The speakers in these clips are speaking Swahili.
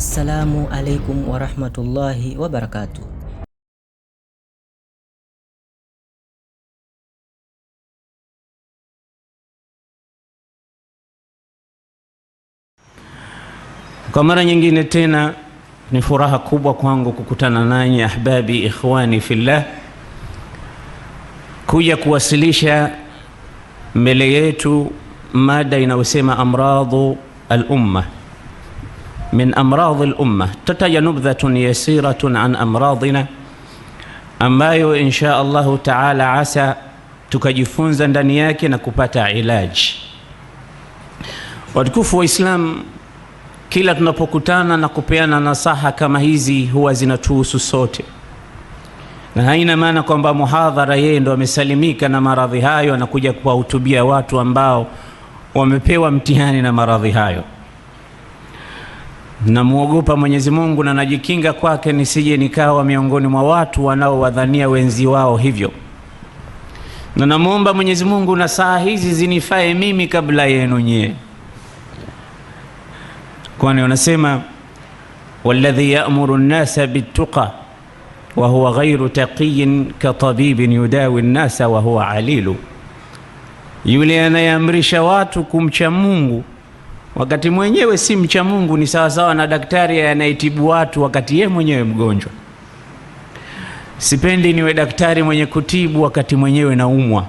Assalamu alaikum warahmatullahi wabarakatuh. Kwa mara nyingine tena ni furaha kubwa kwangu kukutana nanyi ahbabi, ikhwani fillah, kuja kuwasilisha mbele yetu mada inayosema amradhu al-umma من أمراض الأمة تتج نبذة يسيرة عن أمراضنا ambayo insha Allahu taala asa tukajifunza ndani yake na kupata ilaji. Watukufu wa Islam, kila tunapokutana na kupeana nasaha kama hizi huwa zinatuhusu sote, na haina maana kwamba muhadhara yeye ndo amesalimika na maradhi hayo, anakuja kuwahutubia watu ambao wamepewa mtihani na maradhi hayo namwogopa Mwenyezi Mungu na najikinga kwake nisije nikawa miongoni mwa watu wanaowadhania wenzi wao hivyo, na namwomba Mwenyezi Mungu na saa hizi zinifae mimi kabla yenu nyie, kwani wanasema walladhi ya'muru an-nasa bit-tuqa wa huwa ghairu taqiyin ka tabibin yudawi an-nasa wa huwa alilu, yule anayeamrisha watu kumcha Mungu wakati mwenyewe si mcha Mungu, ni sawasawa na daktari anayetibu watu wakati yeye mwenyewe mgonjwa. Sipendi niwe daktari mwenye kutibu wakati mwenyewe naumwa.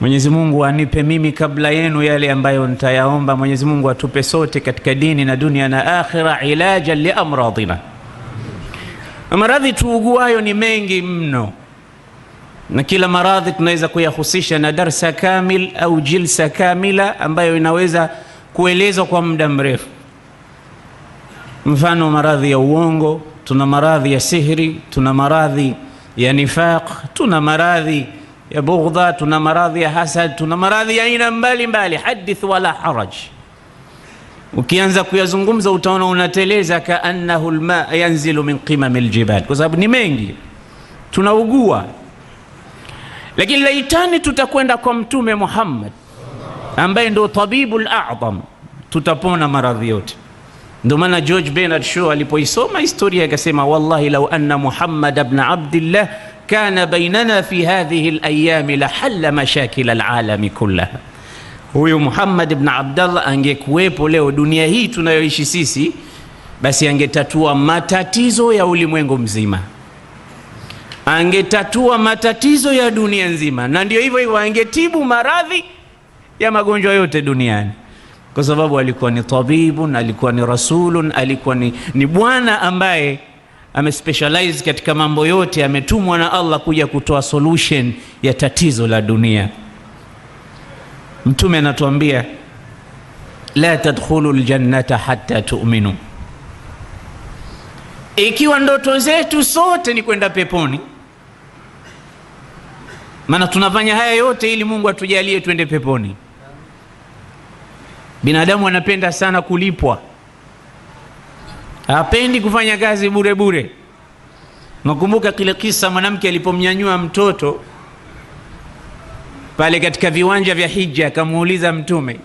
Mwenyezi Mungu anipe mimi kabla yenu yale ambayo nitayaomba. Mwenyezi Mungu atupe sote katika dini na dunia na akhira li amradina. Maradhi tuuguayo ni mengi mno, na kila maradhi tunaweza kuyahusisha na darsa kamil au jilsa kamila ambayo inaweza kuelezwa kwa muda mrefu. Mfano, maradhi ya uongo, tuna maradhi ya sihri tuna maradhi ya nifaq, tuna maradhi ya bughdha, tuna maradhi ya hasad, tuna maradhi ya aina mbalimbali. Hadith wala haraj, ukianza kuyazungumza utaona unateleza, kaannahu lma yanzilu min qimami ljibal, kwa sababu ni mengi, tunaugua. Lakini laitani tutakwenda kwa Mtume Muhammad ambaye ndio tabibul a'zam, tutapona maradhi yote. Ndio maana George Bernard Shaw alipoisoma historia akasema, wallahi lau anna Muhammad ibn Abdillah kana bainana fi hadhihi al-ayami la halla mashakil al-alami kullaha, huyu Muhammad ibn Abdallah angekuwepo leo dunia hii tunayoishi sisi, basi angetatua matatizo ya ulimwengu mzima, angetatua matatizo ya dunia nzima, na ndio hivyo hivyo angetibu maradhi ya magonjwa yote duniani, kwa sababu alikuwa ni tabibun, alikuwa ni rasulun, alikuwa ni, ni bwana ambaye amespecialize katika mambo yote, ametumwa na Allah kuja kutoa solution ya tatizo la dunia. Mtume anatuambia la tadkhulu ljannata hatta tu'minu, ikiwa ndoto zetu sote ni kwenda peponi, maana tunafanya haya yote ili Mungu atujalie twende peponi Binadamu anapenda sana kulipwa, hapendi kufanya kazi bure bure. Nakumbuka kile kisa mwanamke alipomnyanyua mtoto pale katika viwanja vya hija, akamuuliza Mtume,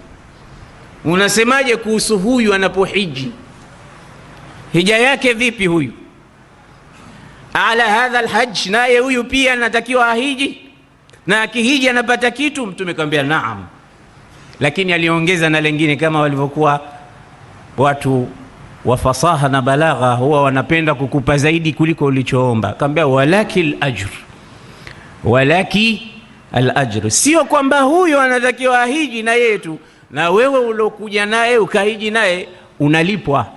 unasemaje kuhusu huyu anapohiji? Hija yake vipi huyu? ala hadha alhajj, naye huyu pia anatakiwa ahiji, na akihiji anapata kitu? Mtume akamwambia naam lakini aliongeza na lengine, kama walivyokuwa watu wa fasaha na balagha huwa wanapenda kukupa zaidi kuliko ulichoomba. Akamwambia walaki alajr, walaki alajr, sio kwamba huyo anatakiwa ahiji na yeye tu, na wewe uliokuja naye ukahiji naye unalipwa.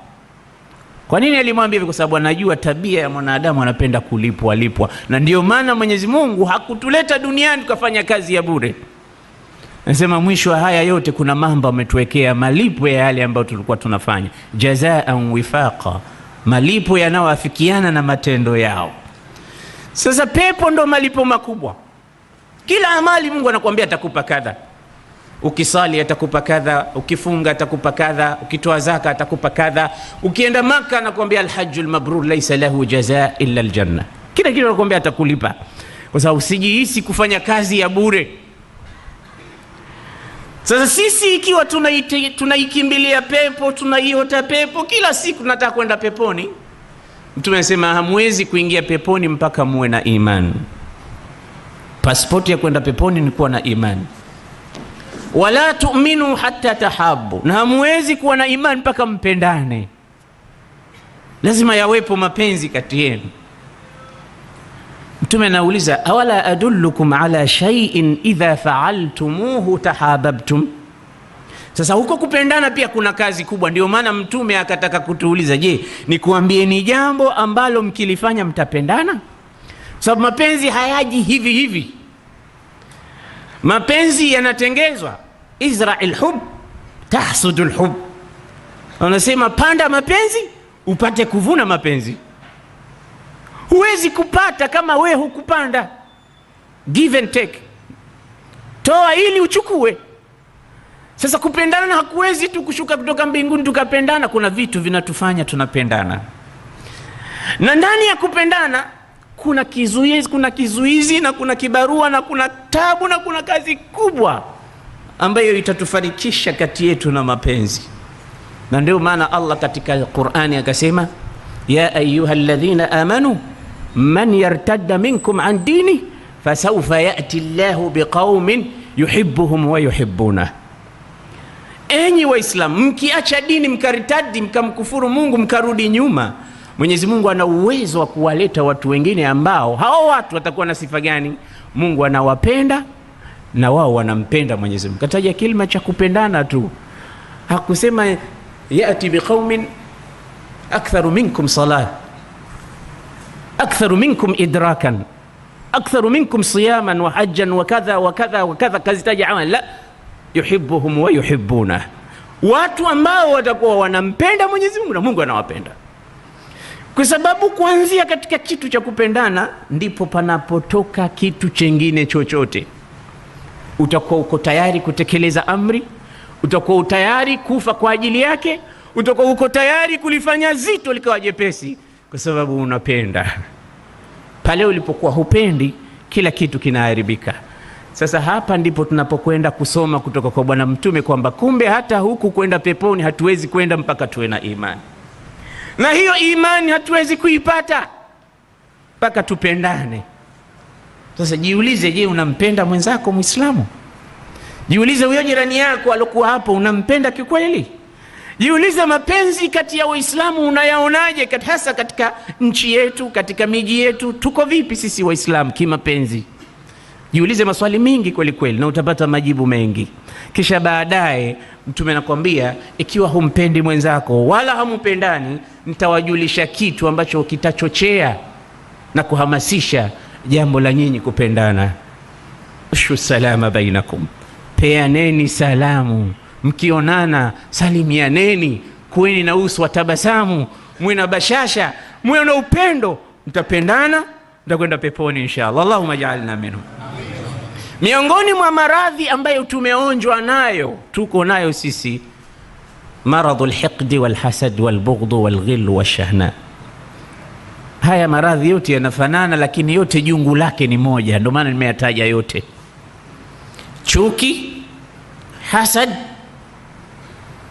Kwa nini alimwambia hivi? Kwa sababu anajua tabia ya mwanadamu, anapenda kulipwa lipwa, na ndio maana Mwenyezi Mungu hakutuleta duniani tukafanya kazi ya bure. Nasema mwisho wa haya yote kuna mambo ametuwekea malipo ya yale ambayo tulikuwa tunafanya, jazaan wifaqa, malipo yanayoafikiana na matendo yao. Sasa pepo ndo malipo makubwa. Kila amali Mungu anakuambia atakupa kadha, ukisali atakupa kadha, ukifunga atakupa kadha, ukitoa zaka atakupa kadha, ukienda Maka anakuambia alhaju lmabrur laisa lahu jaza illa ljanna. Kila kitu anakuambia atakulipa, kwa sababu usijihisi kufanya kazi ya bure. Sasa sisi ikiwa tunaikimbilia tuna pepo tunaiota pepo kila siku, tunataka kwenda peponi. Mtume anasema hamwezi kuingia peponi mpaka muwe na imani. Pasipoti ya kwenda peponi ni kuwa na imani. Wala tu'minu hatta tahabu, na hamwezi kuwa na imani mpaka mpendane. Lazima yawepo mapenzi kati yenu. Mtume anauliza awala adullukum ala shay'in idha fa'altumuhu tahababtum Sasa huko kupendana pia kuna kazi kubwa, ndio maana mtume akataka kutuuliza, je, ni jambo ambalo mkilifanya mtapendana? Sababu mapenzi hayaji hivi hivi, mapenzi yanatengezwa. Izra'il hub tahsudul hub, wanasema panda mapenzi upate kuvuna mapenzi huwezi kupata kama we hukupanda. Give and take, toa ili uchukue. Sasa kupendana hakuwezi tu kushuka kutoka mbinguni tukapendana. Kuna vitu vinatufanya tunapendana, na ndani ya kupendana kuna kizuizi, kuna kizuizi na kuna kibarua na kuna tabu na kuna kazi kubwa ambayo itatufarikisha kati yetu na mapenzi, na ndio maana Allah katika Qur'ani akasema, ya ayuha alladhina amanu man yartadda minkum an dini fasaufa yati llahu biqaumin yuhibuhum wa yuhibunah, enyi Waislamu, mkiacha dini mkaritadi, mkamkufuru Mungu, mkarudi nyuma, Mwenyezi Mungu ana uwezo wa kuwaleta watu wengine ambao hao watu watakuwa na sifa gani? Mungu anawapenda na wao wanampenda Mwenyezi Mungu. Kataja kilima cha kupendana tu, hakusema yati biqaumin aktharu minkum salah أكثر منكم إدراكا أكثر منكم صياما وحجا وكذا وكذا وكذا wa kadha wa kadha, kazitaja watu ambao watakuwa wanampenda Mwenyezi Mungu na Mungu anawapenda kwa sababu kuanzia katika kitu cha kupendana ndipo panapotoka kitu chengine chochote. Utakuwa uko tayari kutekeleza amri, utakuwa tayari kufa kwa ajili yake, utakuwa uko tayari kulifanya zito likawa jepesi, kwa sababu unapenda. Pale ulipokuwa hupendi, kila kitu kinaharibika. Sasa hapa ndipo tunapokwenda kusoma kutoka kwa Bwana Mtume kwamba kumbe hata huku kwenda peponi hatuwezi kwenda mpaka tuwe na imani, na hiyo imani hatuwezi kuipata mpaka tupendane. Sasa jiulize, je, unampenda mwenzako Mwislamu? Jiulize, huyo jirani yako alokuwa hapo, unampenda kikweli? jiulize mapenzi kati ya waislamu unayaonaje hasa katika nchi yetu katika miji yetu tuko vipi sisi waislamu kimapenzi jiulize maswali mengi kweli kweli na utapata majibu mengi kisha baadaye mtume anakwambia ikiwa humpendi mwenzako wala hamupendani nitawajulisha kitu ambacho kitachochea na kuhamasisha jambo la nyinyi kupendana shu salama bainakum peaneni salamu mkionana salimianeni, kuweni na uso wa tabasamu, mwe na bashasha, mwe na upendo, mtapendana, mtakwenda peponi inshallah. Allahumma jaalna minhu. Miongoni mwa maradhi ambayo tumeonjwa nayo, tuko nayo sisi, maradhu lhiqdi walhasad walbughdhu walghillu washahna. Haya maradhi yote yanafanana, lakini yote jungu lake ni moja, ndio maana nimeyataja yote: chuki, hasad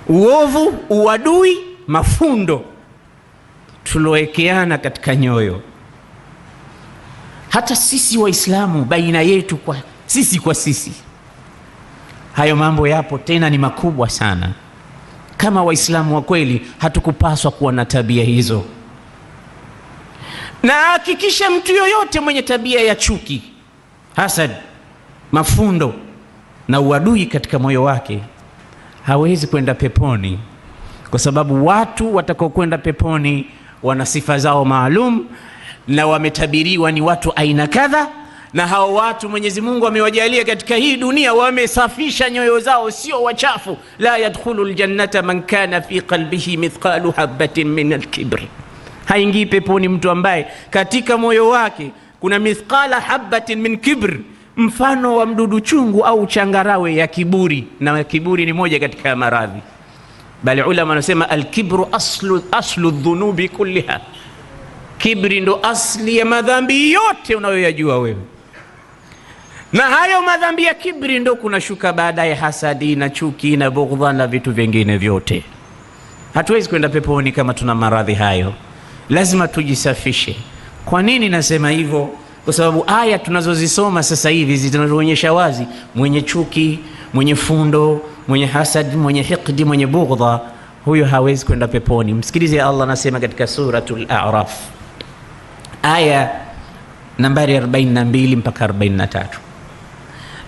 uovu, uadui, mafundo tuloekeana katika nyoyo. Hata sisi Waislamu baina yetu kwa sisi kwa sisi, hayo mambo yapo, tena ni makubwa sana. Kama Waislamu wa kweli, hatukupaswa kuwa na tabia hizo. Na hakikisha mtu yoyote mwenye tabia ya chuki, hasad, mafundo na uadui katika moyo wake hawezi kwenda peponi, kwa sababu watu watakaokwenda peponi wana sifa zao maalum na wametabiriwa ni watu aina kadha, na hao watu Mwenyezi Mungu amewajalia katika hii dunia wamesafisha nyoyo zao, sio wachafu. la yadkhulu ljannata man kana fi qalbihi mithqalu habatin min alkibri, haingii peponi mtu ambaye katika moyo wake kuna mithqala habatin min kibri mfano wa mdudu chungu au changarawe ya kiburi, na kiburi ni moja katika ya maradhi, bali ulama wanasema alkibru aslu, aslu dhunubi kulliha, kibri ndo asli ya madhambi yote unayoyajua wewe, na hayo madhambi ya kibri ndo kunashuka baadaye hasadi na chuki na bughdha na vitu vingine vyote. Hatuwezi kwenda peponi kama tuna maradhi hayo, lazima tujisafishe. Kwa nini nasema hivyo? kwa sababu aya tunazozisoma sasa hivi zinatuonyesha wazi mwenye chuki, mwenye fundo, mwenye hasad, mwenye hiqdi, mwenye bughdha, huyo hawezi kwenda peponi. Msikilize Allah anasema katika suratul A'raf aya nambari 42 mpaka 43,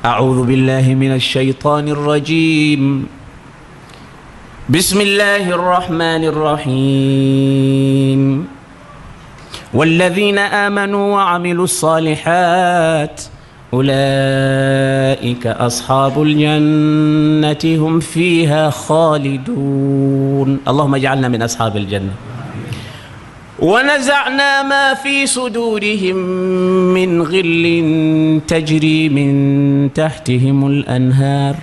a'udhu billahi minash shaitani rrajim bismillahir rahmanir rahim والذين آمنوا وعملوا الصالحات أولئك أصحاب الجنة هم فيها خالدون اللهم اجعلنا من أصحاب الجنة ونزعنا ما في صدورهم من غل تجري من تحتهم الأنهار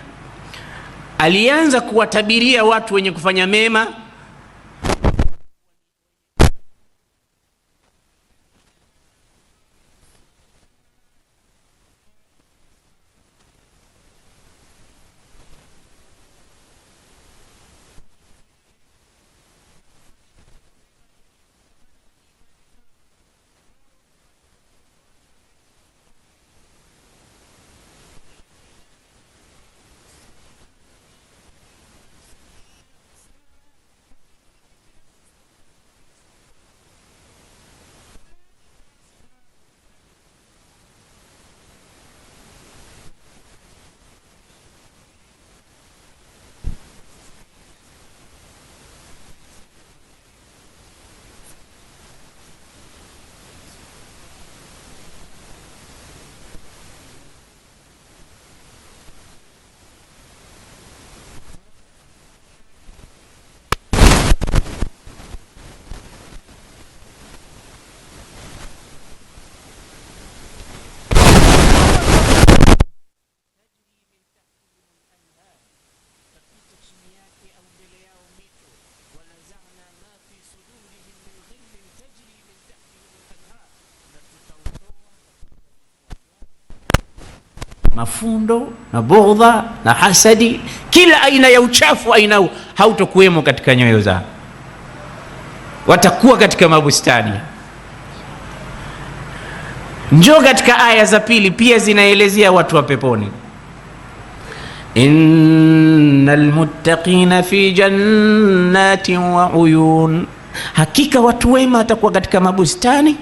alianza kuwatabiria watu wenye kufanya mema mafundo na bughdha na hasadi, kila aina ya uchafu ainao hautokuwemo katika nyoyo zao. Watakuwa katika mabustani. Njoo katika aya za pili, pia zinaelezea watu wa peponi. Innal muttaqina fi jannatin wa uyun, hakika watu wema watakuwa katika mabustani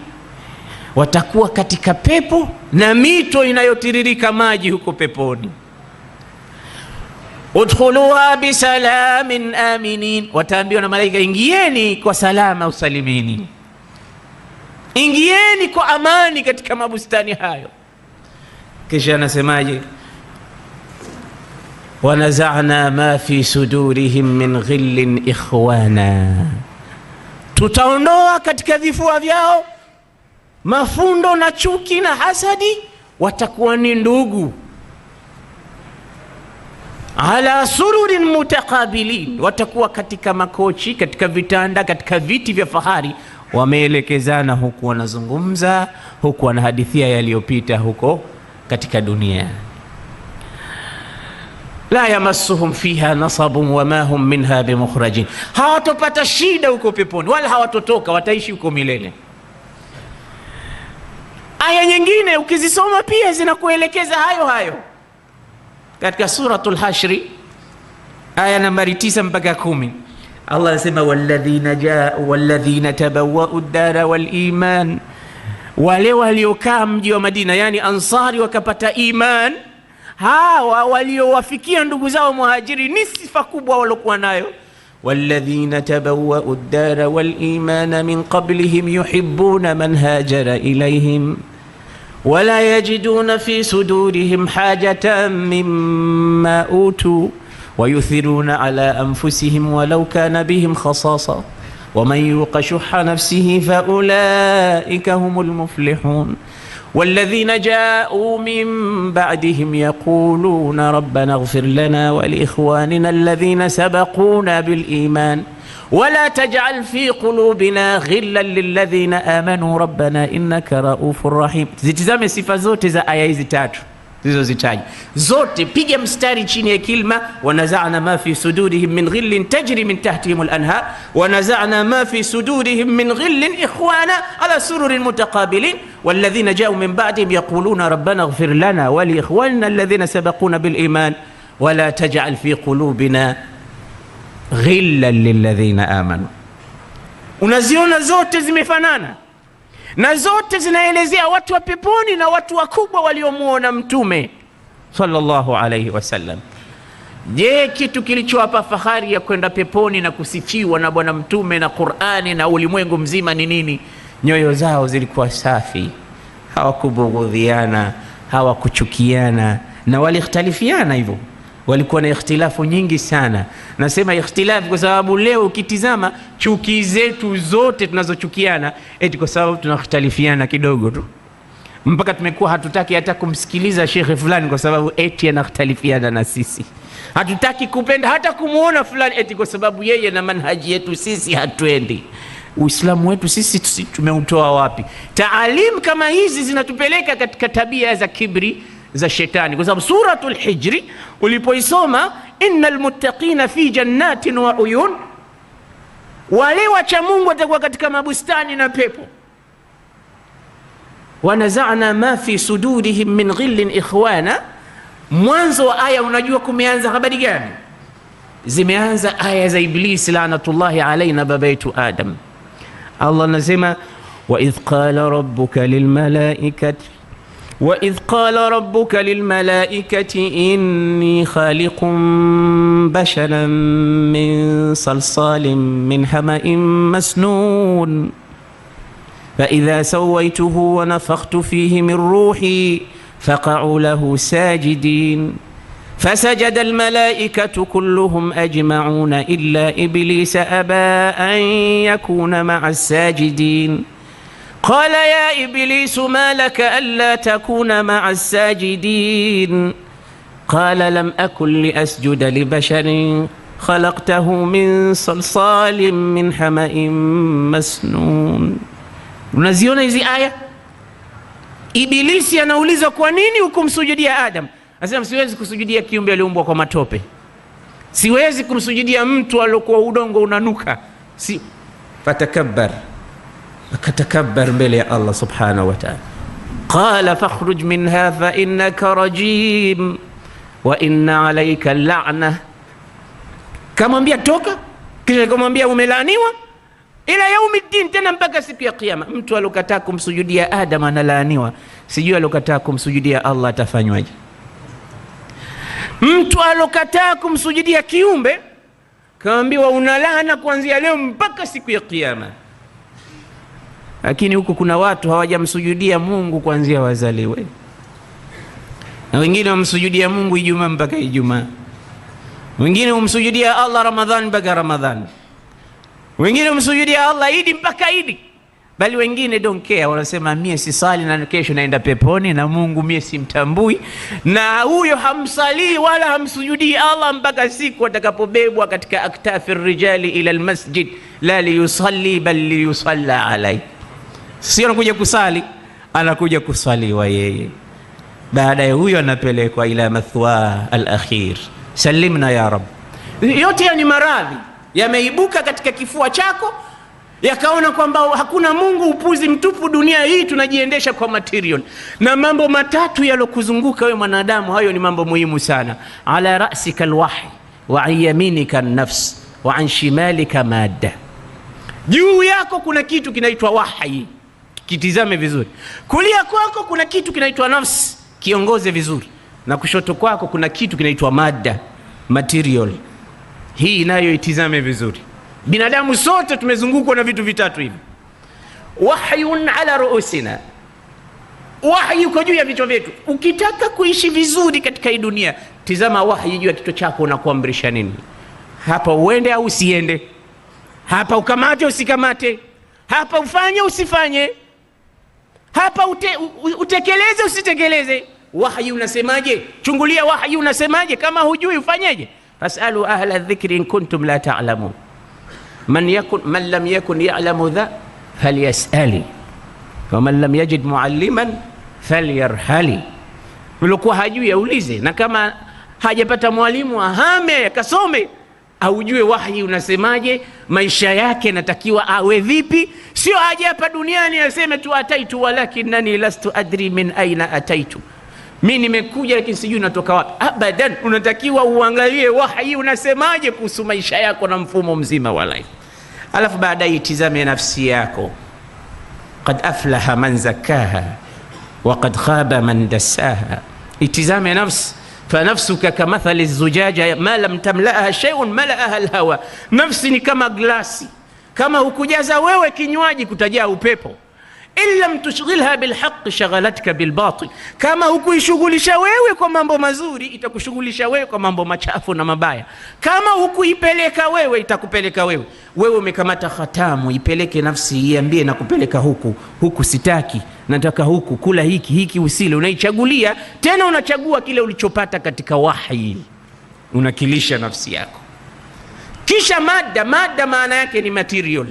watakuwa katika pepo na mito inayotiririka maji huko peponi. Udkhuluha bisalamin aminin, wataambiwa na malaika, ingieni kwa salama usalimini, ingieni kwa amani katika mabustani hayo. Kisha anasemaje? wanazana ma fi sudurihim min ghillin ikhwana, tutaondoa katika vifua vyao mafundo na chuki na hasadi watakuwa ni ndugu, ala sururin mutakabilin, watakuwa katika makochi, katika vitanda, katika viti vya fahari, wameelekezana, huku wanazungumza, huku wanahadithia yaliyopita huko katika dunia. La yamassuhum fiha nasabun wama hum minha bimukhrajin, hawatopata shida huko peponi, wala hawatotoka, wataishi huko milele. Aya nyingine ukizisoma pia zinakuelekeza hayo hayo, katika Suratul Hashri aya nambari tisa mpaka kumi Allah anasema walladhina jau walladhina tabawwau ddara waliman, wale waliokaa mji wa Madina, yani Ansari wakapata iman. Hawa waliowafikia ndugu zao Muhajiri ni sifa kubwa waliokuwa nayo walladhina tabawwau dara waliman min qablihim yuhibbuna man hajara ilayhim ولا يجدون في صدورهم حاجة مما أوتوا ويثرون على أنفسهم ولو كان بهم خصاصة ومن يوق شح نفسه فأولئك هم المفلحون والذين جاءوا من بعدهم يقولون ربنا اغفر لنا ولإخواننا الذين سبقونا بالإيمان ۖ ولا تجعل في قلوبنا غلا للذين amanu rabbana innaka raufur rahim zitizame sifa zote za aya hizi tatu zilizozitaja zote piga mstari chini ya kilma wanazana ma fi sudurihim min ghillin tajri min tahtihim lanhar wanazana ma fi sudurihim min ghillin ikhwana ala sururin mutaqabilin والذين جاءوا من بعدهم يقولون ربنا اغفر لنا ولإخواننا الذين سبقونا بالإيمان ولا تجعل في قلوبنا ghilla lilladhina amanu. Unaziona zote zimefanana na zote zinaelezea watu wa peponi na watu wakubwa waliomwona Mtume sallallahu alaihi wasallam. Je, kitu kilichowapa fahari ya kwenda peponi na kusifiwa na Bwana Mtume na Qur'ani na ulimwengu mzima ni nini? Nyoyo zao zilikuwa safi, hawakubughudhiana, hawakuchukiana na walikhtalifiana hivyo walikuwa na ikhtilafu nyingi sana. Nasema ikhtilafu kwa sababu leo ukitizama chuki zetu zote tunazochukiana, eti kwa sababu tunakhtalifiana kidogo tu, mpaka tumekuwa hatutaki hata kumsikiliza shekhe fulani kwa sababu eti anakhtalifiana na sisi. Hatutaki kupenda hata kumwona fulani eti kwa sababu yeye na manhaji yetu sisi hatuendi. Uislamu wetu sisi tumeutoa wapi? Taalimu kama hizi zinatupeleka katika tabia za kibri za shetani, kwa sababu Suratul Hijri ulipoisoma, innal muttaqina fi jannatin wa uyun, wale wacha Mungu atakuwa katika mabustani na pepo. Wanazana ma fi sudurihim min ghillin ikhwana. Mwanzo wa aya unajua kumeanza habari gani? Zimeanza aya za Iblisi laanatullahi alaina, baba yetu Adam. Allah anasema, wa idh qala rabbuka lilmalaikati وإذ قال ربك للملائكة إني خالق بشرا من صلصال من حمأ مسنون فإذا سويته ونفخت فيه من روحي فقعوا له ساجدين فسجد الملائكة كلهم أجمعون إلا إبليس أبى أن يكون مع الساجدين قال يا إبليس ما لك ألا تكون مع الساجدين قال لم أكن لأسجد لبشر خلقته من صلصال من حمأ مسنون. Unaziona hizi aya? Ibilisi anauliza kwa nini hukumsujudia Adam? Anasema siwezi kusujudia kiumbe aliumbwa kwa matope, siwezi kumsujudia mtu aliokuwa udongo unanuka, si fatakabbar akatakabbar mbele ya Allah subhanahu wa ta'ala. Qala fakhruj minha fa innaka rajim wa inna alayka la'na, kamwambia toka, kisha kamwambia umelaaniwa ila yaumiddin, tena mpaka siku ya Kiyama. Mtu aliokataa kumsujudia Adam analaaniwa, sijui aliokataa kumsujudia Allah atafanywaje? Mtu alokataa kumsujudia kiumbe kaambiwa, una kuanzia leo mpaka siku ya Kiyama. Lakini huku kuna watu hawajamsujudia Mungu kuanzia wazaliwe, na wengine wamsujudia Mungu Ijumaa mpaka Ijumaa, wengine wamsujudia Allah Ramadhani mpaka Ramadhani, wengine wamsujudia Allah Idi mpaka Idi, bali wengine don't care, wanasema mie sali na kesho naenda peponi, na Mungu mie simtambui. Na huyo hamsalii wala hamsujudii Allah mpaka siku atakapobebwa katika aktafi rijali ila almasjid la liyusalli bal liyusalla alayhi Sio anakuja kusali, anakuja kuswaliwa yeye. ya huyo anapelekwa ila mathwa alakhir, Salimna ya Rabb. Yote ya ni maradhi yameibuka katika kifua chako, yakaona kwamba hakuna Mungu, upuzi mtupu. Dunia hii tunajiendesha kwa material, na mambo matatu yalokuzunguka wewe mwanadamu, hayo ni mambo muhimu sana. Ala rasika alwahi wa an yaminika nafs wa an shimalika madda, juu yako kuna kitu kinaitwa wahyi kitizame vizuri. Kulia kwako kuna kitu kinaitwa nafsi, kiongoze vizuri, na kushoto kwako kuna kitu kinaitwa mada, material. Hii nayo itizame vizuri. Binadamu sote tumezungukwa na vitu vitatu hivi. Wahyun ala ruusina, wahyi uko juu ya vichwa vyetu. Ukitaka kuishi vizuri katika hii dunia, tizama wahyi juu ya kichwa chako, unakuamrisha nini? Hapa uende au usiende, hapa ukamate usikamate, hapa ufanye usifanye hapa ute, utekeleze usitekeleze wahyi unasemaje chungulia wahyi unasemaje kama hujui ufanyeje fasalu ahla dhikri in kuntum la ta'lamun man yakun man lam yakun ya'lamu dha falyasali waman lam yajid mualliman falyarhali uliokuwa hajui aulize na kama hajapata mwalimu ahame akasome aujue wahi unasemaje, maisha yake natakiwa awe vipi, sio aje hapa duniani aseme tu ataitu walakinani lastu adri min aina ataitu, mi nimekuja lakini sijui natoka wapi. Abadan, unatakiwa uangalie wahi unasemaje kuhusu maisha yako na mfumo mzima wa life, alafu baadaye itizame nafsi yako. Qad aflaha man zakaha wa qad khaba man dasaha. Itizame nafsi fanafsuka kamathali zujaja ma lam tamlaaha sheiun malaaha lhawa, nafsi ni kama glasi, kama hukujaza wewe kinywaji kutajaa upepo in lam tushghilha bilhaqi shaghalatka bilbatil, kama hukuishughulisha wewe kwa mambo mazuri itakushughulisha wewe kwa mambo machafu na mabaya. Kama hukuipeleka wewe itakupeleka wewe. Wewe umekamata khatamu, ipeleke nafsi, iambie na kupeleka huku huku, sitaki, nataka huku, kula hiki hiki, usile. Unaichagulia tena, unachagua kile ulichopata katika wahi, unakilisha nafsi yako. Kisha mada, mada maana yake ni material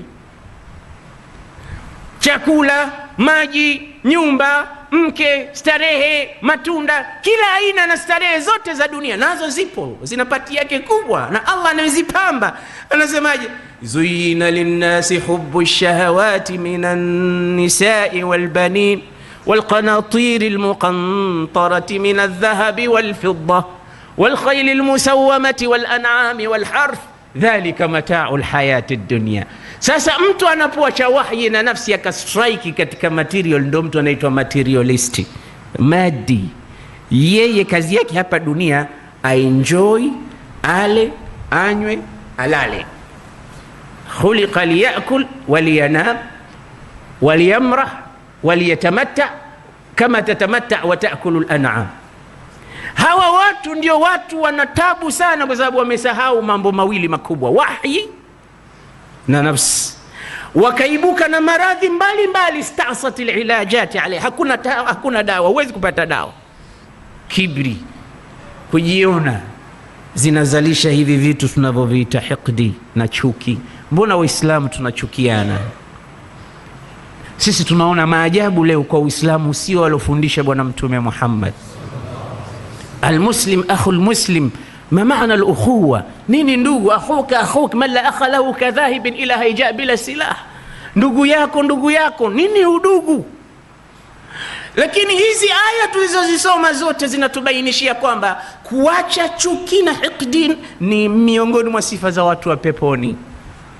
chakula, maji, nyumba, mke, starehe, matunda, kila aina na starehe zote za dunia nazo zipo, zina pati yake kubwa, na Allah anazipamba. Anasemaje? zuyina linnasi hubu lshahawati min annisai walbanin والقناطير المقنطرة من الذهب والفضة والخيل المسومة والأنعام والحرث dhalika mataa lhayati dunia. Sasa mtu anapoacha wahyi na nafsi akastrike katika material, ndo mtu anaitwa materialisti madi. Yeye kazi yake hapa dunia aenjoy, ale, anywe, alale. khuliqa liyakul waliyanam waliyamrah waliyatamatta kama tatamatta wa taakulu lanam Hawa watu ndio watu wanatabu sana, kwa sababu wamesahau mambo mawili makubwa, wahi na nafsi, wakaibuka na maradhi mbalimbali. stasat lilajati alaiha, hakuna, hakuna dawa, huwezi kupata dawa. Kibri, kujiona, zinazalisha hivi vitu tunavyoviita hiqdi na chuki. Mbona Waislamu tunachukiana? Sisi tunaona maajabu leo kwa Uislamu sio alofundisha Bwana Mtume Muhammad almuslim akhu lmuslim ma maana alukhuwa nini ndugu akhuka akhuk man la akha lahu kadhahibin ila haijaa bila silah ndugu yako ndugu yako nini udugu lakini hizi aya tulizozisoma zote zinatubainishia kwamba kuacha chuki na hikdi ni miongoni mwa sifa za watu wa peponi